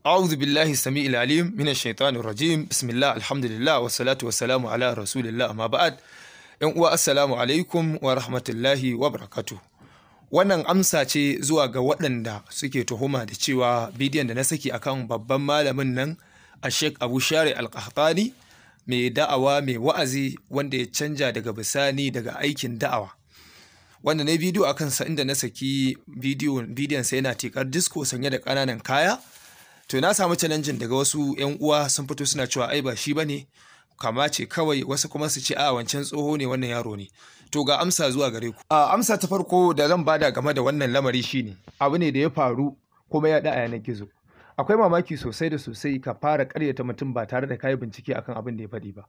أعوذ بالله السميع العليم من الشيطان الرجيم بسم الله الحمد لله والصلاة والسلام على رسول الله ما ‘yan uwa assalamu alaikum wa rahmatullahi wa barakatu wannan amsa ce zuwa ga waɗanda suke tuhuma da cewa bidiyon da na saki akan babban malamin nan a sheik abu share alƙahtani mai da'awa mai wa'azi wanda ya canja daga bisani daga aikin da'awa wanda na bidiyo akan kansa inda na saki bidiyon sa yana tikar disko sanye da ƙananan kaya to na samu challenging daga wasu yan uwa sun fito suna cewa ai ba shi bane kama ce kawai wasu kuma su ce a wancan tsoho ne wannan yaro ne to ga amsa zuwa gare ku A amsa ta farko da zan bada game da wannan lamari shine abu ne da ya faru kuma ya da a yanar gizo akwai mamaki sosai da sosai ka fara karyata mutum ba tare da yi bincike akan abin da ya faɗi ba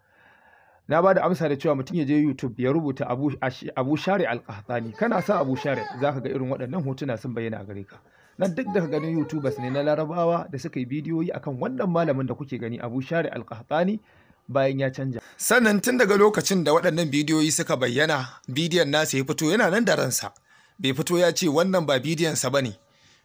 na ba da amsa da cewa mutum ya je YouTube ya rubuta Abu share Al-Qahtani kana sa Abu Shari zaka ga irin waɗannan hotuna sun bayyana a gare ka na duk daga ganin youtubers ne na larabawa da suka yi bidiyoyi akan wannan malamin da kuke gani abu share alkahtani bayan ya canja sannan tun daga lokacin da waɗannan bidiyoyi suka bayyana bidiyon nasa ya fito yana nan da ransa bai fito ya ce wannan ba bidiyon sa bane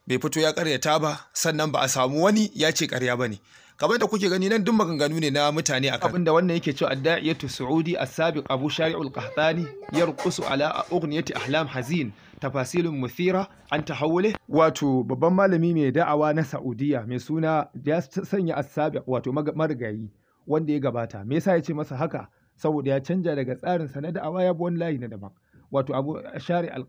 bai fito ya karyata ba sannan ba a samu wani ya ce karya bane. kamar da kuke gani nan duk maganganu ne na mutane a akan abinda wannan yake cewa adda'iyatu su'udi a sabi abu shari'ul qahtani yarqusu ala ugniyati ahlam hazin tafasilun muthira an tahawule wato babban malami mai da'awa na Saudiya mai suna ya sanya as wato marigayi wanda ya gabata me yasa ya ce masa haka saboda ya canja daga tsarin sa na da'awa ya bi wani layi na daban wato abu shari al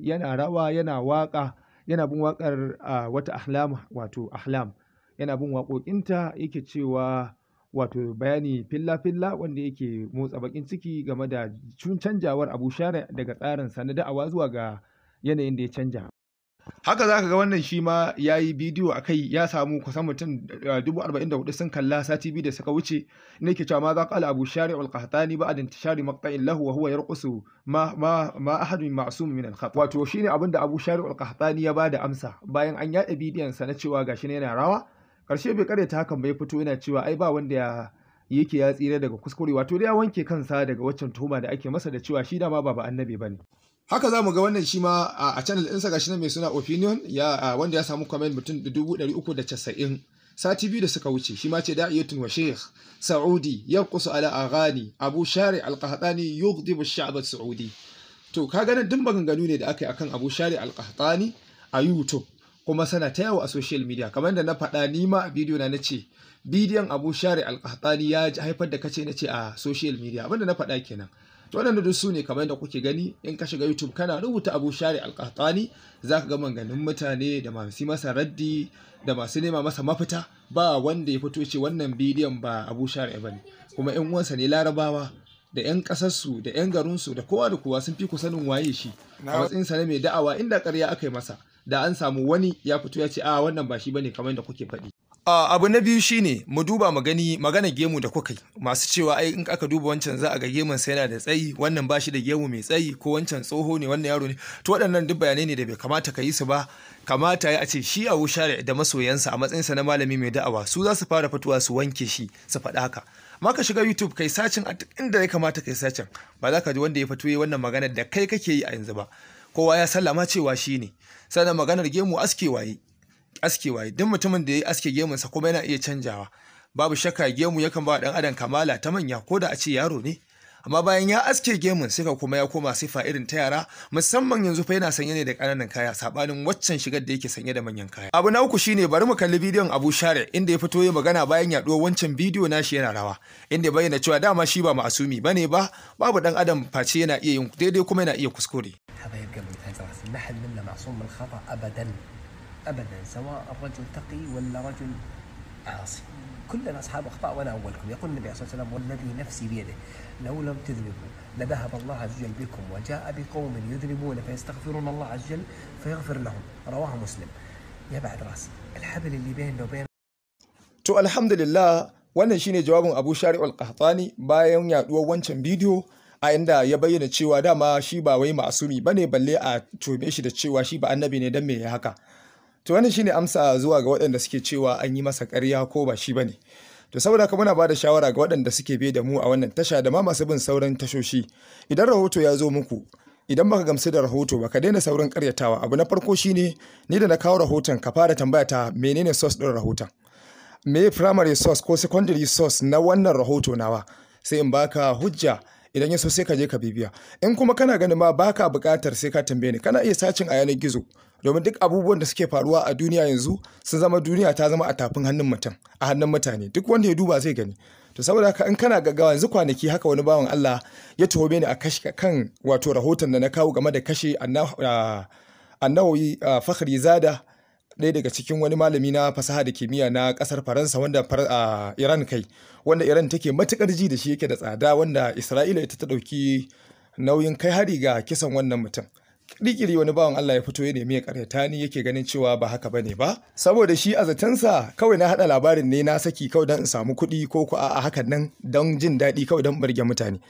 yana rawa yana waka yana bin wakar ah, wata ahlam wato ahlam yana bin waƙoƙinta yake cewa wato bayani filla-filla wanda yake motsa bakin ciki game da canjawar abu share daga tsarin na da'awa zuwa ga yanayin da ya canja haka za ka ga wannan shi ma ya yi bidiyo a kai ya samu kusan mutum 44 eh, sun kalla sati biyu da suka wuce ne ke cewa ma za ƙala abu share al qahtani ba adin tishari maqta'in lahu wa huwa yarqusu ma ma ma ahad ma'sum min al khata wato shine abinda abu share al qahtani ya bada amsa bayan an yaɗa bidiyon sa na cewa gashi ne yana rawa karshe bai karyata hakan bai fito yana cewa ai ba wanda ya yake ya tsira daga kuskure wato dai ya wanke kansa daga waccan tuhuma da ake masa da cewa shi dama ba ba annabi bane haka za mu ga wannan shi ma a channel ɗinsa gashi nan mai suna opinion ya wanda ya samu comment mutum dubu ɗari uku da casa'in sati biyu da suka wuce shi ma ce da'iyatun wa sheikh saudi yanqusu ala aghani abu shari al-qahtani yughdibu ash-sha'b as-saudi to kaga nan dun maganganu ne da aka yi akan abu shari al a youtube kuma sana ta yawo a social media kamar da na faɗa ni ma a bidiyo na nace bidiyon Abu share Al-Qahtani ya haifar da kace nace a social media abinda na faɗa kenan to waɗanda duk su ne kamar da kuke gani in ka shiga YouTube kana rubuta Abu share Al-Qahtani zaka ga manganin mutane da masu masa raddi da masu nema masa mafita ba wanda ya fito ce wannan bidiyon ba Abu Shari ne kuma ƴan uwansa ne Larabawa da 'yan ƙasarsu da 'yan garinsu da kowa da kowa sun fi ku sanin waye shi a matsayinsa na mai da'awa inda ƙarya aka yi masa da an samu wani ya fito ya ce a ah, wannan ba shi bane kamar da kuke faɗi abu na biyu shine mu duba mu gani magana gemu da kuka masu cewa ai in aka duba wancan za a ga gemun sai yana da tsayi wannan ba shi da gemu mai tsayi ko wancan tsoho ne wannan yaro ne to waɗannan duk bayanai ne da bai kamata ka yi su ba kamata ya ce shi a wushare da masoyansa a matsayinsa na malami mai da'awa su za su fara fitowa su wanke shi su faɗa haka ma ka shiga YouTube kai sacin a duk inda ya kamata kai sacin ba za ka ji wanda ya fito wannan magana da kai kake yi a yanzu ba kowa ya sallama cewa shi ne sannan maganar gemu aske waye aske duk mutumin da ya aske gemunsa kuma yana iya canjawa babu shakka gemu yakan ba dan adam kamala ta manya ko da a ce yaro ne amma bayan ya aske gemun sai ka kuma ya koma sifa irin ta yara musamman yanzu fa yana sanye ne da ƙananan kaya sabanin waccan shigar da yake sanye da manyan kaya abu na uku shine bari mu kalli bidiyon Abu Share inda ya fito ya magana bayan yaduwar wancan bidiyo nashi yana rawa inda ya bayyana cewa dama shi ba ma'asumi bane ba babu dan adam face yana iya yin daidai kuma yana iya kuskure هذا يبقى ممتاز راسي ما حد منا معصوم من الخطا ابدا ابدا سواء الرجل تقي ولا رجل عاصي كلنا اصحاب اخطاء وانا اولكم يقول النبي عليه الصلاه والسلام والذي نفسي بيده لو لم تذنبوا لذهب الله عز وجل بكم وجاء بقوم يذنبون فيستغفرون الله عز وجل فيغفر لهم رواه مسلم يا بعد راسي الحبل اللي بيننا وبين to alhamdulillah wannan shine jawabin Abu Shari'ul Qahtani bayan yaduwar wancan فيديو a inda ya bayyana cewa dama shi ba wai ba ne balle a tume shi da cewa shi ba annabi ne don me ya haka to wannan shine amsa zuwa ga waɗanda suke cewa an yi masa karya ko ba shi ba ne. to saboda haka muna bada shawara ga waɗanda suke bi da mu a wannan tasha da ma masu bin sauran tashoshi idan rahoto ya zo muku idan baka gamsu da rahoto ba ka daina saurin karyatawa abu na farko shi ne ni da na kawo rahoton ka fara tambaya ta menene source ɗin rahoton me primary source ko secondary source na wannan rahoto nawa sai in baka hujja idan ya so sai ka je ka bibiya in kuma kana ganin ma baka bukatar sai ka tambaye ni kana iya sacin a yanar gizo domin duk abubuwan da suke faruwa a duniya yanzu sun zama duniya ta zama a tafin hannun mutum a hannun mutane duk wanda ya duba zai gani to saboda haka in kana gaggawa yanzu kwanaki haka wani bawan Allah ya tuhume ni a kashi kan wato rahoton da na kawo game da kashe a ah, ah, fakhri zada ɗaya daga cikin wani malami na fasaha da kimiyya na ƙasar faransa wanda a iran kai wanda iran take matuƙar ji da shi yake da tsada wanda isra'ila ita ta ɗauki nauyin kai hari ga kisan wannan mutum kirkiri wani bawan Allah ya fito ya nemi ya karyata ni yake ganin cewa ba haka bane ba saboda shi a zatansa kawai na hada labarin ne na saki kawai dan in samu kuɗi ko ku a hakan nan don jin daɗi kawai dan burge mutane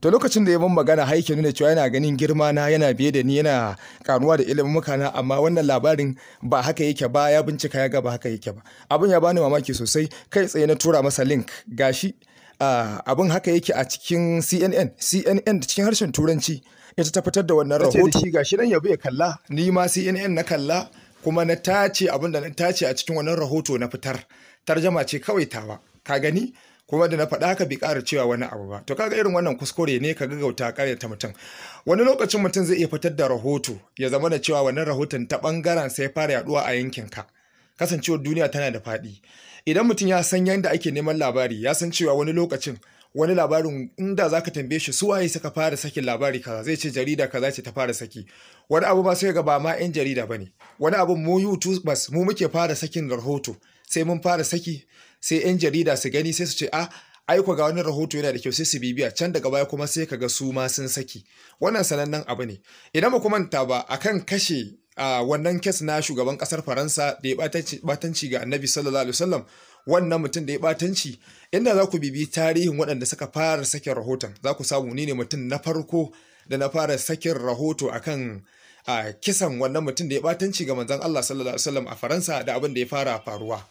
to lokacin da ya ban magana har yake nuna cewa yana ganin girma na yana biye da ni yana karuwa da ilimin mukana amma wannan labarin ba haka yake ba ya bincika ya ga ba haka yake ba abin ya bani mamaki sosai kai tsaye na tura masa link gashi abin haka yake a cikin CNN CNN cikin harshen turanci ita ta fitar da wannan rahoto ga shi nan yabo ya kalla ni ma CNN na kalla kuma na tace abin da na tace a cikin wannan rahoto na fitar tarjama ce kawai tawa ka gani kuma da na faɗa haka bai ƙara cewa wani abu ba to kaga irin wannan kuskure ne ka gaggauta ta mutum wani lokacin mutum zai iya fitar da rahoto ya zama da cewa wannan rahoton ta ɓangaren sai fara yaɗuwa a yankin ka? kasancewar duniya tana da faɗi idan mutum ya san yadda ake neman labari ya san cewa wani lokacin wani labarin inda za ka tambaye shi su waye suka fara sakin labari kaza zai ce jarida kaza ce ta fara saki wani abu ba sai ga ba ma yan jarida bane wani abu mu bas mu muke fara sakin rahoto sai mun fara saki sai yan jarida su gani sai su ce a ah, aiko ga wani rahoto yana da kyau sai su bibiya can daga baya kuma sai ka ga su ma sun saki wannan sanannen abu ne idan mu kuma ta ba akan kashe a wannan kes na shugaban kasar faransa da ya batanci ga annabi sallallahu alaihi wasallam wannan mutum da ya batanci inda za ku bibi tarihin waɗanda suka fara sakin rahoton za ku samu ni ne mutum na farko da na fara sakin rahoto akan a kisan wannan mutum da ya batanci ga manzan Allah sallallahu alaihi wasallam a faransa da abin da ya fara faruwa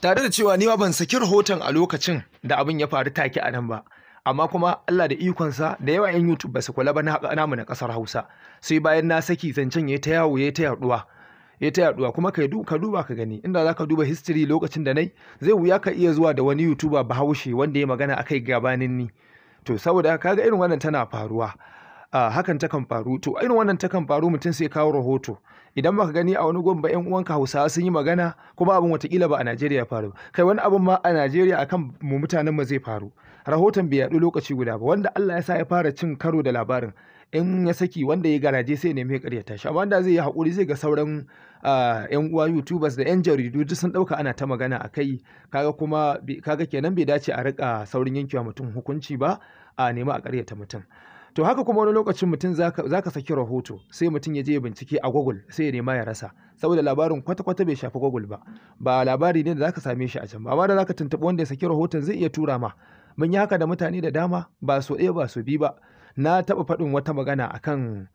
tare da cewa ni ma ban saki rahoton a lokacin da abin ya faru take a nan ba amma kuma Allah da ikonsa da yawa 'yan YouTube ba su kula ba namu na ƙasar Hausa sai bayan na saki zancen ya ta yawo ya ta yaduwa ya ta yaduwa kuma ka ka duba ka gani inda zaka duba history lokacin da nai zai wuya ka iya zuwa da wani YouTuber Bahaushe wanda ya magana akai gabanin ni to saboda kaga irin wannan tana faruwa ah, hakan ta kan faru to irin wannan kan faru mutum sai kawo rahoto idan baka gani a wani gwamba yan uwanka Hausawa sun yi magana kuma abin watakila ba a Najeriya faru kai wani abin ma a Najeriya kan mu mutanen mu zai faru rahoton bai yaɗu lokaci guda ba wanda Allah ya sa ya fara cin karo da labarin in ya saki wanda ya garaje sai nemi ya karyata tashi amma wanda zai yi haƙuri zai ga sauran yan uwa youtubers da yan jaridu duk sun ɗauka ana ta magana a kai kaga kuma kaga kenan bai dace a rika saurin yankewa mutum hukunci ba a nemi a karyata mutum to haka kuma wani lokacin mutum za ka saki rahoto sai mutum ya je ya bincike a google sai ya nema ya rasa saboda labarin kwata-kwata bai shafi google ba ba labari ne da za ka same shi a can ba amma da za ka tuntuɓi wanda ya saki rahoton zai iya tura ma mun yi haka da mutane da dama ba so ɗaya ba so biyu ba na taɓa faɗin wata magana akan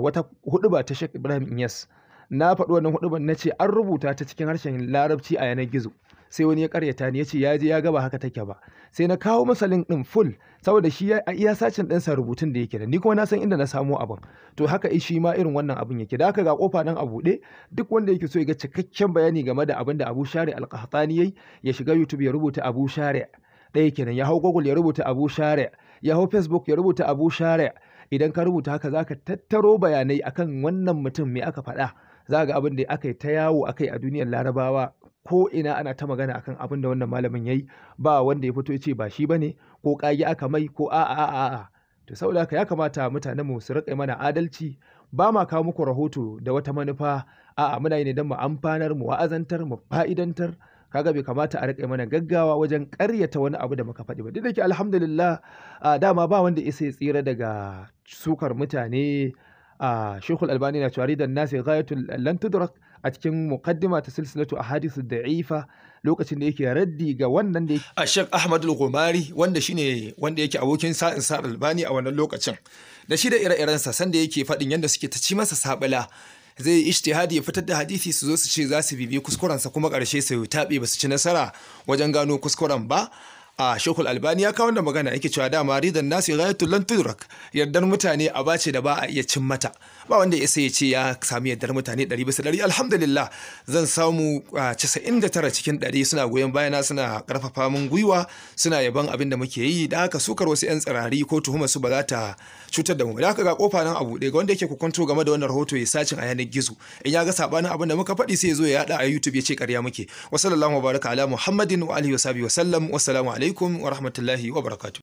wata ba ta Sheikh Ibrahim Inyas na faɗi wannan hudubar na ce an rubuta ta cikin harshen larabci a yanar gizo sai wani ya karyata ni ya ce ya je ya gaba haka take ba sai na kawo masa link din full saboda shi a iya sacin sa rubutun da yake da ni kuma na san inda na samo abin to haka shi ma irin wannan abin yake da haka ga kofa nan a buɗe duk wanda yake so ya ga cikakken bayani game da abin da Abu Shari Al-Qahtani yayi ya shiga YouTube ya rubuta Abu Shari ɗaya kenan ya hau Google ya rubuta Abu Shari ya hau Facebook ya rubuta Abu Shari idan ka rubuta haka zaka tattaro bayanai akan wannan mutum me aka faɗa za ga abin da aka yi ta yawo aka yi a duniyar larabawa ko ina ana ta magana akan abin da wannan malamin ya yi ba wanda ya fito ya ce ba shi ba ne ko kagi aka mai ko a'a a a to saboda haka ya kamata mutanen mu su riƙe mana adalci ba ma kawo muku rahoto da wata manufa a'a muna yi ne don mu amfanar mu wa'azantar mu fa'idantar kaga bai kamata a riƙe mana gaggawa wajen ƙaryata wani abu da muka faɗi ba duk da ke alhamdulillah dama ba wanda isa ya tsira daga sukar mutane a shekul albani na cewa da nasi ghayatun lan tudrak a cikin muqaddima ta a ahadithu da'ifa lokacin da yake raddi ga wannan da yake a shek ahmad al-gumari wanda shine wanda yake abokin sa'in sa albani a wannan lokacin da shi da ire-iren sanda yake faɗin yadda suke ta ci masa sabila zai ijtihadi ya fitar da hadisi su zo su ce zasu su bibi kuskurensa kuma karshe su taɓe ba su ci nasara wajen gano kuskuren ba a shekul albani ya kawo da magana yake cewa dama ridan nasi ghayatul lan tudrak yardar mutane a bace da ba a iya cin mata ba wanda ya sai ya ce ya sami yardar mutane 100 bisa alhamdulillah zan samu tara cikin 100 suna goyon bayana suna karfafa min gwiwa suna yaban abin da muke yi da haka sukar wasu yan tsirari ko tuhuma su ba za ta cutar da mu da haka ga kofa nan abu ga wanda yake kukunto game da wannan rahoto ya sacin a yanar gizo in ya ga sabanin abin da muka faɗi sai ya zo ya yada a YouTube ya ce ƙarya muke wasu wa baraka ala muhammadin wa alihi wa wa alaikum wa rahmatullahi wa barakatuh